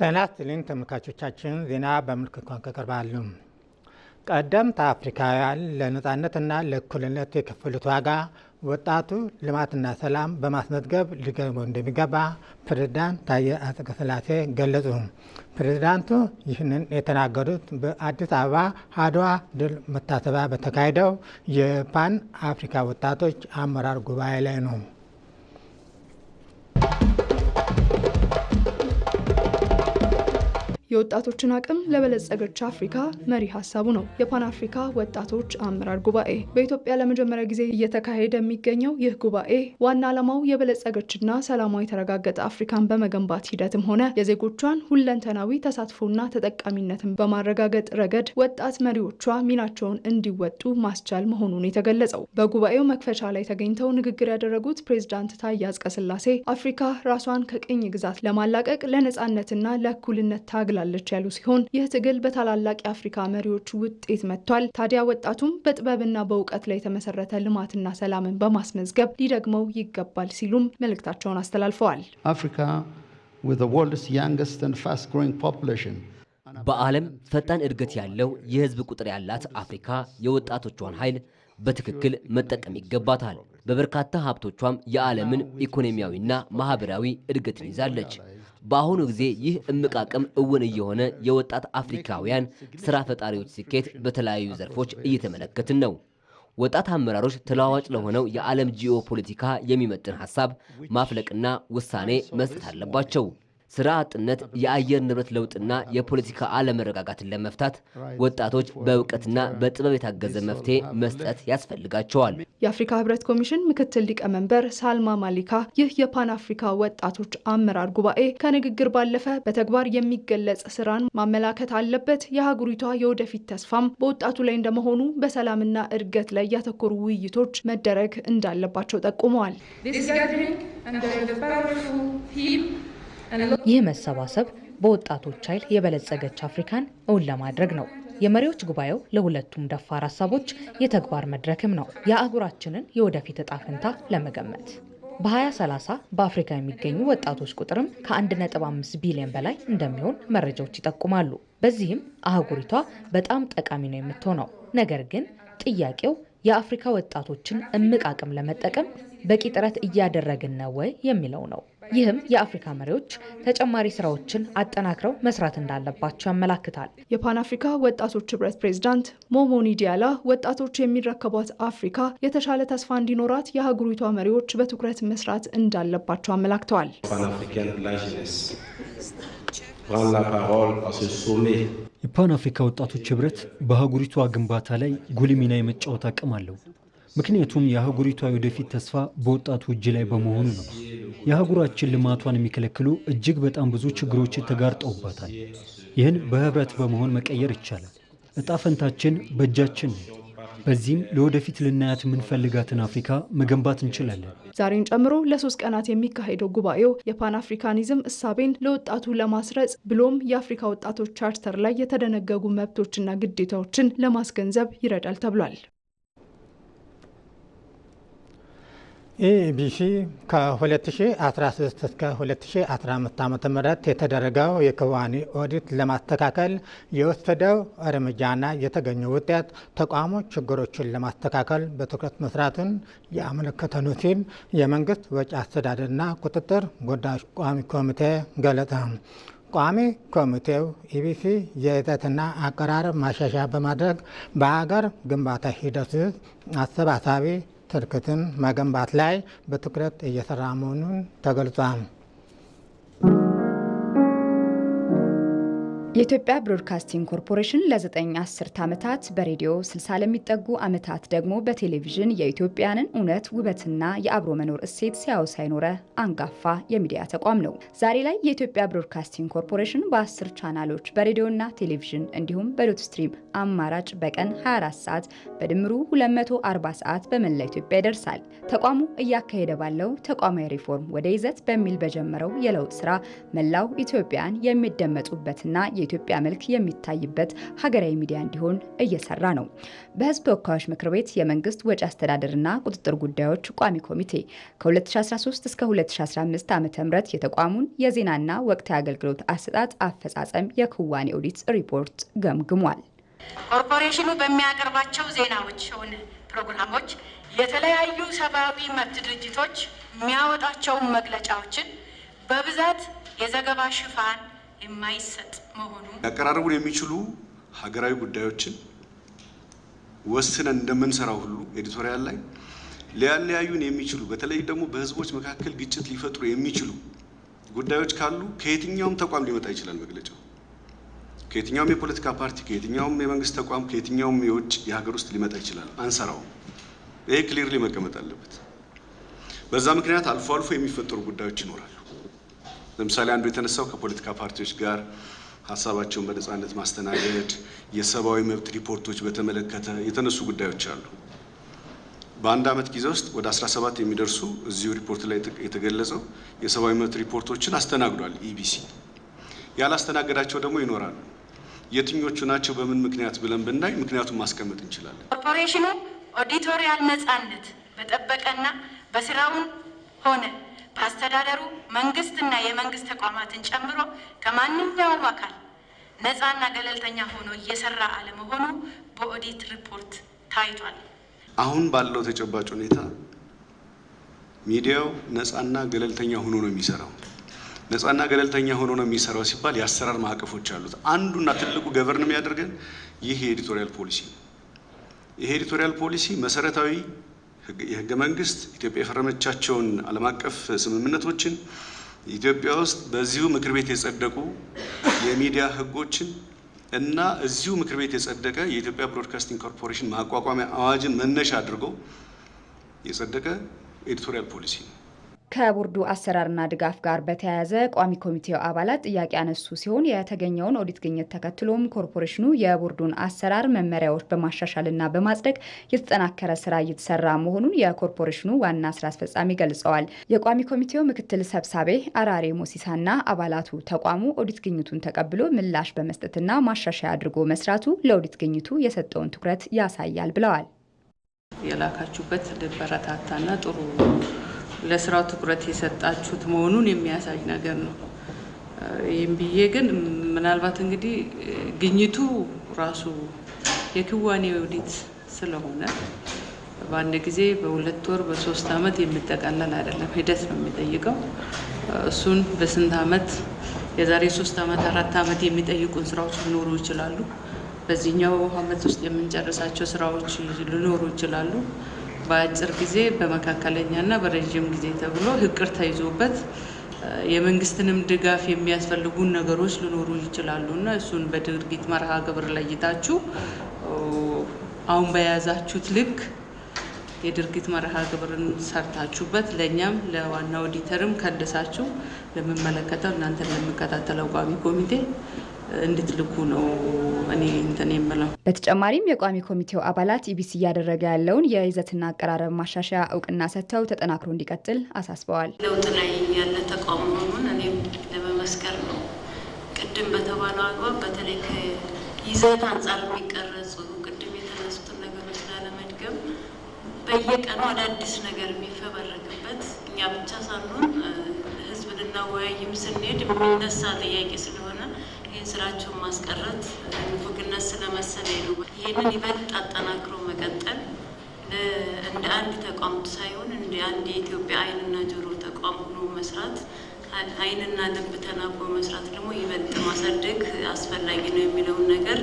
ጤና ይስጥልኝ ተመልካቾቻችን፣ ዜና በምልክት ቋንቋ ይቀርባሉ። ቀደምት አፍሪካውያን ለነፃነትና ለእኩልነት የከፈሉት ዋጋ ወጣቱ ልማትና ሰላም በማስመዝገብ ሊገርመው እንደሚገባ ፕሬዝዳንት ታዬ አጽቀሥላሴ ገለጹ። ፕሬዝዳንቱ ይህንን የተናገሩት በአዲስ አበባ አድዋ ድል መታሰቢያ በተካሄደው የፓን አፍሪካ ወጣቶች አመራር ጉባኤ ላይ ነው። የወጣቶችን አቅም ለበለጸገች አፍሪካ መሪ ሀሳቡ ነው። የፓን አፍሪካ ወጣቶች አመራር ጉባኤ በኢትዮጵያ ለመጀመሪያ ጊዜ እየተካሄደ የሚገኘው ይህ ጉባኤ ዋና ዓላማው የበለጸገችና ሰላማዊ የተረጋገጠ አፍሪካን በመገንባት ሂደትም ሆነ የዜጎቿን ሁለንተናዊ ተሳትፎና ተጠቃሚነትን በማረጋገጥ ረገድ ወጣት መሪዎቿ ሚናቸውን እንዲወጡ ማስቻል መሆኑን የተገለጸው በጉባኤው መክፈቻ ላይ ተገኝተው ንግግር ያደረጉት ፕሬዝዳንት ታዬ አጽቀሥላሴ አፍሪካ ራሷን ከቅኝ ግዛት ለማላቀቅ ለነጻነትና ለእኩልነት ታግ ታግላለች ያሉ ሲሆን ይህ ትግል በታላላቅ የአፍሪካ መሪዎች ውጤት መጥቷል። ታዲያ ወጣቱም በጥበብና በእውቀት ላይ የተመሰረተ ልማትና ሰላምን በማስመዝገብ ሊደግመው ይገባል ሲሉም መልእክታቸውን አስተላልፈዋል። አፍሪካ በዓለም ፈጣን እድገት ያለው የህዝብ ቁጥር ያላት አፍሪካ የወጣቶቿን ኃይል በትክክል መጠቀም ይገባታል። በበርካታ ሀብቶቿም የዓለምን ኢኮኖሚያዊና ማህበራዊ እድገትን ይዛለች። በአሁኑ ጊዜ ይህ እምቅ አቅም እውን እየሆነ የወጣት አፍሪካውያን ስራ ፈጣሪዎች ስኬት በተለያዩ ዘርፎች እየተመለከትን ነው። ወጣት አመራሮች ተለዋዋጭ ለሆነው የዓለም ጂኦፖለቲካ የሚመጥን ሀሳብ ማፍለቅና ውሳኔ መስጠት አለባቸው። ስራ አጥነት፣ የአየር ንብረት ለውጥና የፖለቲካ አለመረጋጋትን ለመፍታት ወጣቶች በእውቀትና በጥበብ የታገዘ መፍትሄ መስጠት ያስፈልጋቸዋል። የአፍሪካ ህብረት ኮሚሽን ምክትል ሊቀመንበር ሳልማ ማሊካ ይህ የፓን አፍሪካ ወጣቶች አመራር ጉባኤ ከንግግር ባለፈ በተግባር የሚገለጽ ስራን ማመላከት አለበት፣ የሀገሪቷ የወደፊት ተስፋም በወጣቱ ላይ እንደመሆኑ በሰላምና እድገት ላይ ያተኮሩ ውይይቶች መደረግ እንዳለባቸው ጠቁመዋል። ይህ መሰባሰብ በወጣቶች ኃይል የበለጸገች አፍሪካን እውን ለማድረግ ነው። የመሪዎች ጉባኤው ለሁለቱም ደፋር ሀሳቦች የተግባር መድረክም ነው። የአህጉራችንን የወደፊት እጣ ፈንታ ለመገመት በ2030 በአፍሪካ የሚገኙ ወጣቶች ቁጥርም ከ1.5 ቢሊዮን በላይ እንደሚሆን መረጃዎች ይጠቁማሉ። በዚህም አህጉሪቷ በጣም ጠቃሚ ነው የምትሆነው። ነገር ግን ጥያቄው የአፍሪካ ወጣቶችን እምቅ አቅም ለመጠቀም በቂ ጥረት እያደረግን ነው ወይ የሚለው ነው። ይህም የአፍሪካ መሪዎች ተጨማሪ ስራዎችን አጠናክረው መስራት እንዳለባቸው ያመላክታል። የፓን አፍሪካ ወጣቶች ህብረት ፕሬዚዳንት ሞሞኒ ዲያላ ወጣቶች የሚረከቧት አፍሪካ የተሻለ ተስፋ እንዲኖራት የአህጉሪቷ መሪዎች በትኩረት መስራት እንዳለባቸው አመላክተዋል። የፓን አፍሪካ ወጣቶች ህብረት በአህጉሪቷ ግንባታ ላይ ጉልህ ሚና የመጫወት አቅም አለው። ምክንያቱም የአህጉሪቷ የወደፊት ተስፋ በወጣቱ እጅ ላይ በመሆኑ ነው። የአህጉራችን ልማቷን የሚከለክሉ እጅግ በጣም ብዙ ችግሮች ተጋርጠውባታል። ይህን በህብረት በመሆን መቀየር ይቻላል። እጣ ፈንታችን በእጃችን ነው። በዚህም ለወደፊት ልናያት የምንፈልጋትን አፍሪካ መገንባት እንችላለን። ዛሬን ጨምሮ ለሶስት ቀናት የሚካሄደው ጉባኤው የፓን አፍሪካኒዝም እሳቤን ለወጣቱ ለማስረጽ ብሎም የአፍሪካ ወጣቶች ቻርተር ላይ የተደነገጉ መብቶችና ግዴታዎችን ለማስገንዘብ ይረዳል ተብሏል። ኢቢሲ ከ 2013 እስከ 2015 ዓ ም የተደረገው የክዋኔ ኦዲት ለማስተካከል የወሰደው እርምጃና የተገኘ ውጤት ተቋሙ ችግሮችን ለማስተካከል በትኩረት መስራትን ያመለከተ ነው ሲል የመንግስት ወጪ አስተዳደርና ቁጥጥር ጉዳዮች ቋሚ ኮሚቴ ገለጸ። ቋሚ ኮሚቴው ኢቢሲ የይዘትና አቀራረብ ማሻሻያ በማድረግ በሀገር ግንባታ ሂደት አሰባሳቢ ትርክትን መገንባት ላይ በትኩረት እየሰራ መሆኑን ተገልጿል። የኢትዮጵያ ብሮድካስቲንግ ኮርፖሬሽን ለዘጠኝ አስርት ዓመታት በሬዲዮ 60 ለሚጠጉ ዓመታት ደግሞ በቴሌቪዥን የኢትዮጵያንን እውነት ውበትና የአብሮ መኖር እሴት ሲያወሳ ሳይኖረ አንጋፋ የሚዲያ ተቋም ነው። ዛሬ ላይ የኢትዮጵያ ብሮድካስቲንግ ኮርፖሬሽን በአስር ቻናሎች በሬዲዮና ቴሌቪዥን እንዲሁም በዶት ስትሪም አማራጭ በቀን 24 ሰዓት በድምሩ 240 ሰዓት በመላ ኢትዮጵያ ይደርሳል። ተቋሙ እያካሄደ ባለው ተቋማዊ ሪፎርም ወደ ይዘት በሚል በጀመረው የለውጥ ስራ መላው ኢትዮጵያን የሚደመጡበትና የኢትዮጵያ መልክ የሚታይበት ሀገራዊ ሚዲያ እንዲሆን እየሰራ ነው። በህዝብ ተወካዮች ምክር ቤት የመንግስት ወጪ አስተዳደርና ቁጥጥር ጉዳዮች ቋሚ ኮሚቴ ከ2013 እስከ 2015 ዓ ም የተቋሙን የዜናና ወቅታዊ አገልግሎት አሰጣጥ አፈጻጸም የክዋኔ ኦዲት ሪፖርት ገምግሟል። ኮርፖሬሽኑ በሚያቀርባቸው ዜናዎች ሆነ ፕሮግራሞች የተለያዩ ሰብአዊ መብት ድርጅቶች የሚያወጣቸውን መግለጫዎችን በብዛት የዘገባ ሽፋን የማይሰጥ መሆኑ ያቀራረቡን የሚችሉ ሀገራዊ ጉዳዮችን ወስነን እንደምንሰራው ሁሉ ኤዲቶሪያል ላይ ሊያለያዩን የሚችሉ በተለይ ደግሞ በህዝቦች መካከል ግጭት ሊፈጥሩ የሚችሉ ጉዳዮች ካሉ ከየትኛውም ተቋም ሊመጣ ይችላል መግለጫው። ከየትኛውም የፖለቲካ ፓርቲ ከየትኛውም የመንግስት ተቋም ከየትኛውም የውጭ የሀገር ውስጥ ሊመጣ ይችላል። አንሰራውም። ይሄ ክሊርሊ መቀመጥ አለበት። በዛ ምክንያት አልፎ አልፎ የሚፈጠሩ ጉዳዮች ይኖራሉ። ለምሳሌ አንዱ የተነሳው ከፖለቲካ ፓርቲዎች ጋር ሀሳባቸውን በነጻነት ማስተናገድ፣ የሰብአዊ መብት ሪፖርቶች በተመለከተ የተነሱ ጉዳዮች አሉ። በአንድ ዓመት ጊዜ ውስጥ ወደ 17 የሚደርሱ እዚሁ ሪፖርት ላይ የተገለጸው የሰብአዊ መብት ሪፖርቶችን አስተናግዷል ኢቢሲ። ያላስተናገዳቸው ደግሞ ይኖራሉ። የትኞቹ ናቸው በምን ምክንያት ብለን ብናይ ምክንያቱን ማስቀመጥ እንችላለን። ኮርፖሬሽኑ ኦዲቶሪያል ነጻነት በጠበቀና በስራውን ሆነ በአስተዳደሩ መንግስትና የመንግስት ተቋማትን ጨምሮ ከማንኛውም አካል ነፃና ገለልተኛ ሆኖ እየሰራ አለመሆኑ በኦዲት ሪፖርት ታይቷል። አሁን ባለው ተጨባጭ ሁኔታ ሚዲያው ነፃና ገለልተኛ ሆኖ ነው የሚሰራው። ነፃና ገለልተኛ ሆኖ ነው የሚሰራው ሲባል የአሰራር ማዕቀፎች አሉት። አንዱና ትልቁ ገቨርን የሚያደርገን ይህ የኤዲቶሪያል ፖሊሲ ነው። ይህ ኤዲቶሪያል ፖሊሲ መሰረታዊ የህገ መንግስት ኢትዮጵያ የፈረመቻቸውን ዓለም አቀፍ ስምምነቶችን ኢትዮጵያ ውስጥ በዚሁ ምክር ቤት የጸደቁ የሚዲያ ህጎችን እና እዚሁ ምክር ቤት የጸደቀ የኢትዮጵያ ብሮድካስቲንግ ኮርፖሬሽን ማቋቋሚያ አዋጅን መነሻ አድርጎ የጸደቀ ኤዲቶሪያል ፖሊሲ ነው። ከቦርዱ አሰራርና ድጋፍ ጋር በተያያዘ ቋሚ ኮሚቴው አባላት ጥያቄ ያነሱ ሲሆን የተገኘውን ኦዲት ግኝት ተከትሎም ኮርፖሬሽኑ የቦርዱን አሰራር መመሪያዎች በማሻሻልና በማጽደቅ የተጠናከረ ስራ እየተሰራ መሆኑን የኮርፖሬሽኑ ዋና ስራ አስፈጻሚ ገልጸዋል። የቋሚ ኮሚቴው ምክትል ሰብሳቤ አራሬ ሞሲሳና አባላቱ ተቋሙ ኦዲት ግኝቱን ተቀብሎ ምላሽ በመስጠትና ማሻሻያ አድርጎ መስራቱ ለኦዲት ግኝቱ የሰጠውን ትኩረት ያሳያል ብለዋል። የላካችሁበት ልበረታታና ጥሩ ለስራው ትኩረት የሰጣችሁት መሆኑን የሚያሳይ ነገር ነው። ይህም ብዬ ግን ምናልባት እንግዲህ ግኝቱ ራሱ የክዋኔ ውዲት ስለሆነ በአንድ ጊዜ በሁለት ወር በሶስት አመት የሚጠቃለል አይደለም፣ ሂደት ነው የሚጠይቀው። እሱን በስንት አመት የዛሬ ሶስት አመት አራት አመት የሚጠይቁን ስራዎች ሊኖሩ ይችላሉ። በዚህኛው አመት ውስጥ የምንጨርሳቸው ስራዎች ሊኖሩ ይችላሉ። በአጭር ጊዜ በመካከለኛና በረዥም ጊዜ ተብሎ ህቅር ተይዞበት የመንግስትንም ድጋፍ የሚያስፈልጉን ነገሮች ሊኖሩ ይችላሉ እና እሱን በድርጊት መርሃ ግብር ለይታችሁ አሁን በያዛችሁት ልክ የድርጊት መርሃ ግብርን ሰርታችሁበት ለእኛም ለዋና ኦዲተርም ከደሳችሁ ለምመለከተው እናንተን ለምከታተለው ቋሚ ኮሚቴ እንድትልኩ ነው እኔ እንትን የምለው። በተጨማሪም የቋሚ ኮሚቴው አባላት ኢቢሲ እያደረገ ያለውን የይዘትና አቀራረብ ማሻሻያ እውቅና ሰጥተው ተጠናክሮ እንዲቀጥል አሳስበዋል። ለውጥ ላይ ያለ ተቋም መሆኑን እኔም ለመመስከር ነው። ቅድም በተባለው አግባብ በተለይ ከይዘት አንጻር የሚቀረጹ ቅድም የተነሱትን ነገሮች ላለመድገም በየቀኑ አዳዲስ ነገር የሚፈበረክበት እኛ ብቻ ሳንሆን ህዝብ ልናወያይም ስንሄድ የሚነሳ ጥያቄ ስለሆነ ስራቸውን ማስቀረት ንፉግነት ስለመሰለኝ ነው። ይህንን ይበልጥ አጠናክሮ መቀጠል እንደ አንድ ተቋም ሳይሆን እንደ አንድ የኢትዮጵያ አይንና ጆሮ ተቋም ሆኖ መስራት አይንና ልብ ተናቦ መስራት ደግሞ ይበልጥ ማሳደግ አስፈላጊ ነው የሚለውን ነገር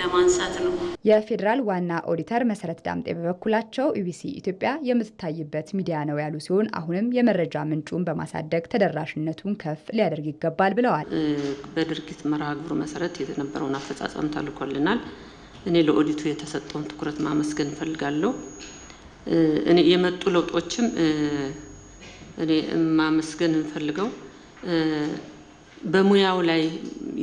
ለማንሳት ነው። የፌዴራል ዋና ኦዲተር መሰረት ዳምጤ በበኩላቸው ኢቢሲ ኢትዮጵያ የምትታይበት ሚዲያ ነው ያሉ ሲሆን አሁንም የመረጃ ምንጩን በማሳደግ ተደራሽነቱን ከፍ ሊያደርግ ይገባል ብለዋል። በድርጊት መርሃ ግብሩ መሰረት የነበረውን አፈጻጸም ተልኮልናል። እኔ ለኦዲቱ የተሰጠውን ትኩረት ማመስገን እፈልጋለሁ። እኔ የመጡ ለውጦችም እኔ ማመስገን እንፈልገው በሙያው ላይ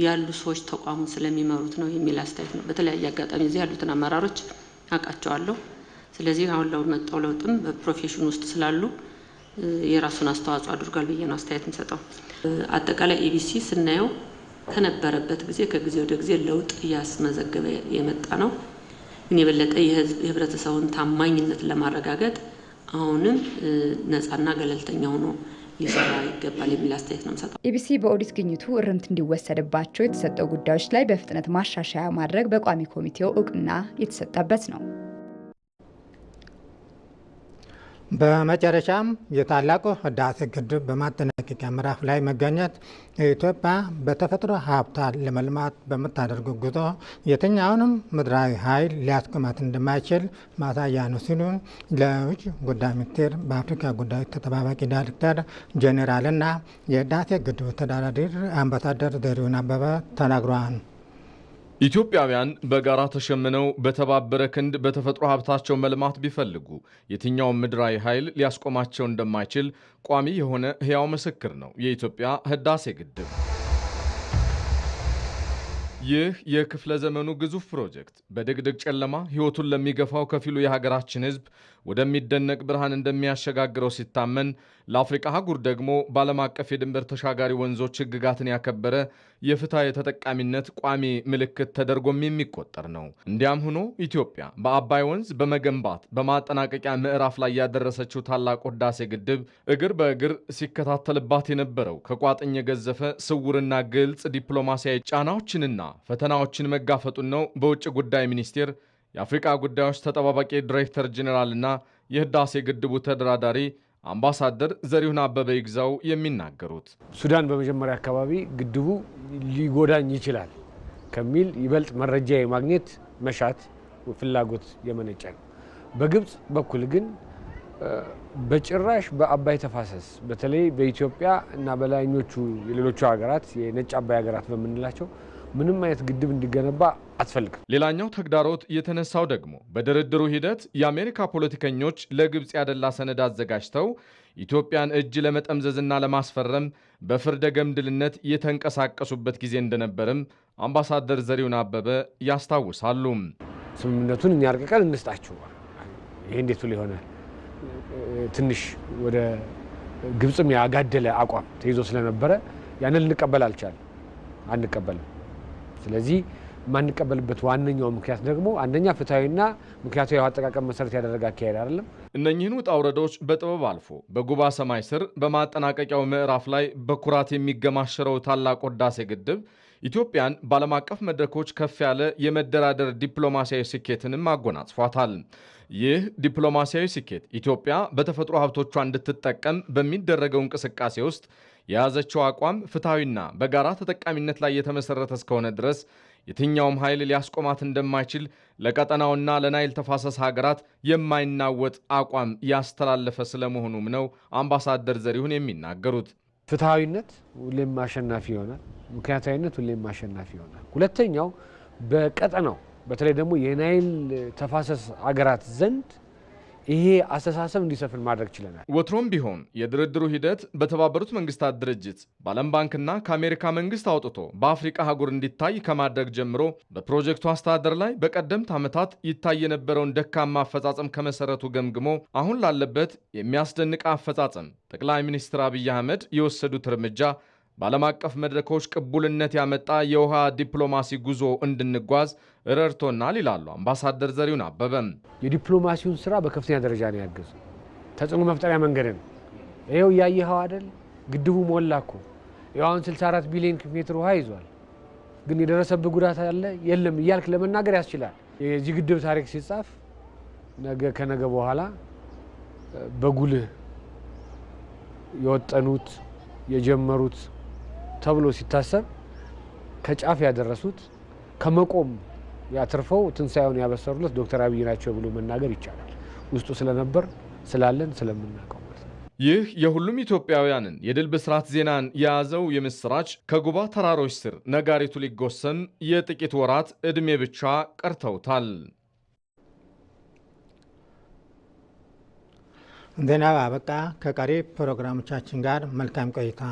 ያሉ ሰዎች ተቋሙን ስለሚመሩት ነው የሚል አስተያየት ነው። በተለያየ አጋጣሚ እዚህ ያሉትን አመራሮች አውቃቸዋለሁ። ስለዚህ አሁን ለመጣው መጣው ለውጥም በፕሮፌሽን ውስጥ ስላሉ የራሱን አስተዋጽኦ አድርጓል ብዬ ነው አስተያየት የሚሰጠው። አጠቃላይ ኤቢሲ ስናየው ከነበረበት ጊዜ ከጊዜ ወደ ጊዜ ለውጥ እያስመዘገበ የመጣ ነው። ግን የበለጠ የህብረተሰቡን ታማኝነት ለማረጋገጥ አሁንም ነፃና ገለልተኛ ሆኖ ሊሰራ ይገባል የሚል አስተያየት ነው የምሰጠው። ኤቢሲ በኦዲት ግኝቱ እርምት እንዲወሰድባቸው የተሰጠው ጉዳዮች ላይ በፍጥነት ማሻሻያ ማድረግ በቋሚ ኮሚቴው እውቅና የተሰጠበት ነው። በመጨረሻም የታላቁ ህዳሴ ግድብ በማጠናቀቂያ ምዕራፍ ላይ መገኘት ኢትዮጵያ በተፈጥሮ ሀብታ ለመልማት በምታደርገ ጉዞ የትኛውንም ምድራዊ ኃይል ሊያስቆማት እንደማይችል ማሳያ ነው ሲሉ ለውጭ ጉዳይ ሚኒስቴር በአፍሪካ ጉዳዮች ተጠባባቂ ዳይሬክተር ጄኔራልና የህዳሴ ግድብ ተደራዳሪ አምባሳደር ዘሪሁን አበበ ተናግረዋል። ኢትዮጵያውያን በጋራ ተሸምነው በተባበረ ክንድ በተፈጥሮ ሀብታቸው መልማት ቢፈልጉ የትኛውም ምድራዊ ኃይል ሊያስቆማቸው እንደማይችል ቋሚ የሆነ ሕያው ምስክር ነው የኢትዮጵያ ህዳሴ ግድብ። ይህ የክፍለ ዘመኑ ግዙፍ ፕሮጀክት በድቅድቅ ጨለማ ሕይወቱን ለሚገፋው ከፊሉ የሀገራችን ሕዝብ ወደሚደነቅ ብርሃን እንደሚያሸጋግረው ሲታመን ለአፍሪቃ አህጉር ደግሞ በዓለም አቀፍ የድንበር ተሻጋሪ ወንዞች ህግጋትን ያከበረ የፍትሐ የተጠቃሚነት ቋሚ ምልክት ተደርጎም የሚቆጠር ነው። እንዲያም ሆኖ ኢትዮጵያ በአባይ ወንዝ በመገንባት በማጠናቀቂያ ምዕራፍ ላይ ያደረሰችው ታላቁ ህዳሴ ግድብ እግር በእግር ሲከታተልባት የነበረው ከቋጥኝ የገዘፈ ስውርና ግልጽ ዲፕሎማሲያዊ ጫናዎችንና ፈተናዎችን መጋፈጡን ነው በውጭ ጉዳይ ሚኒስቴር የአፍሪቃ ጉዳዮች ተጠባባቂ ዲሬክተር ጄኔራልና የህዳሴ ግድቡ ተደራዳሪ አምባሳደር ዘሪሁን አበበ ይግዛው የሚናገሩት ሱዳን በመጀመሪያ አካባቢ ግድቡ ሊጎዳኝ ይችላል ከሚል ይበልጥ መረጃ የማግኘት መሻት ፍላጎት የመነጨ ነው። በግብፅ በኩል ግን በጭራሽ በአባይ ተፋሰስ በተለይ በኢትዮጵያ እና በላይኞቹ የሌሎቹ ሀገራት የነጭ አባይ ሀገራት በምንላቸው ምንም አይነት ግድብ እንዲገነባ አስፈልግም። ሌላኛው ተግዳሮት የተነሳው ደግሞ በድርድሩ ሂደት የአሜሪካ ፖለቲከኞች ለግብፅ ያደላ ሰነድ አዘጋጅተው ኢትዮጵያን እጅ ለመጠምዘዝና ለማስፈረም በፍርደ ገምድልነት የተንቀሳቀሱበት ጊዜ እንደነበርም አምባሳደር ዘሪሁን አበበ ያስታውሳሉ። ስምምነቱን እኛ አርቅቀን እንስጣችሁ፣ ይሄ እንዴቱ ሊሆነ ትንሽ ወደ ግብፅም ያጋደለ አቋም ተይዞ ስለነበረ ያንን ልንቀበል አልቻል አንቀበልም ስለዚህ ማንቀበልበት ዋነኛው ምክንያት ደግሞ አንደኛ ፍትሐዊና ምክንያቱ የውሃ አጠቃቀም መሰረት ያደረገ አካሄድ አይደለም። እነኚህን ውጣ ውረዶች በጥበብ አልፎ በጉባ ሰማይ ስር በማጠናቀቂያው ምዕራፍ ላይ በኩራት የሚገማሸረው ታላቁ ህዳሴ ግድብ ኢትዮጵያን በዓለም አቀፍ መድረኮች ከፍ ያለ የመደራደር ዲፕሎማሲያዊ ስኬትንም አጎናጽፏታል። ይህ ዲፕሎማሲያዊ ስኬት ኢትዮጵያ በተፈጥሮ ሀብቶቿ እንድትጠቀም በሚደረገው እንቅስቃሴ ውስጥ የያዘችው አቋም ፍትሐዊና በጋራ ተጠቃሚነት ላይ የተመሰረተ እስከሆነ ድረስ የትኛውም ኃይል ሊያስቆማት እንደማይችል ለቀጠናውና ለናይል ተፋሰስ ሀገራት የማይናወጥ አቋም ያስተላለፈ ስለመሆኑም ነው አምባሳደር ዘሪሁን የሚናገሩት። ፍትሐዊነት ሁሌም አሸናፊ ይሆናል። ምክንያታዊነት ሁሌም አሸናፊ ይሆናል። ሁለተኛው በቀጠናው በተለይ ደግሞ የናይል ተፋሰስ ሀገራት ዘንድ ይሄ አስተሳሰብ እንዲሰፍን ማድረግ ችለናል። ወትሮም ቢሆን የድርድሩ ሂደት በተባበሩት መንግስታት ድርጅት በዓለም ባንክና ከአሜሪካ መንግስት አውጥቶ በአፍሪቃ አህጉር እንዲታይ ከማድረግ ጀምሮ በፕሮጀክቱ አስተዳደር ላይ በቀደምት ዓመታት ይታይ የነበረውን ደካማ አፈጻጸም ከመሰረቱ ገምግሞ አሁን ላለበት የሚያስደንቅ አፈጻጸም ጠቅላይ ሚኒስትር አብይ አህመድ የወሰዱት እርምጃ በዓለም አቀፍ መድረኮች ቅቡልነት ያመጣ የውሃ ዲፕሎማሲ ጉዞ እንድንጓዝ ረድቶናል ይላሉ አምባሳደር ዘሪሁን አበበም። የዲፕሎማሲውን ስራ በከፍተኛ ደረጃ ነው ያገዙ። ተጽዕኖ መፍጠሪያ ነው። ይኸው እያየኸው አደል፣ ግድቡ ሞላ እኮ አሁን 64 ቢሊዮን ሜትር ውሃ ይዟል። ግን የደረሰብህ ጉዳት አለ የለም እያልክ ለመናገር ያስችላል። የዚህ ግድብ ታሪክ ሲጻፍ ነገ ከነገ በኋላ በጉልህ የወጠኑት የጀመሩት ተብሎ ሲታሰብ ከጫፍ ያደረሱት ከመቆም ያትርፈው ትንሳኤውን ያበሰሩለት ዶክተር አብይ ናቸው ብሎ መናገር ይቻላል። ውስጡ ስለነበር ስላለን ስለምናውቀው ማለት ነው። ይህ የሁሉም ኢትዮጵያውያንን የድል ብስራት ዜናን የያዘው የምስራች ከጉባ ተራሮች ስር ነጋሪቱ ሊጎሰም የጥቂት ወራት ዕድሜ ብቻ ቀርተውታል። ዜናባ አበቃ። ከቀሪ ፕሮግራሞቻችን ጋር መልካም ቆይታ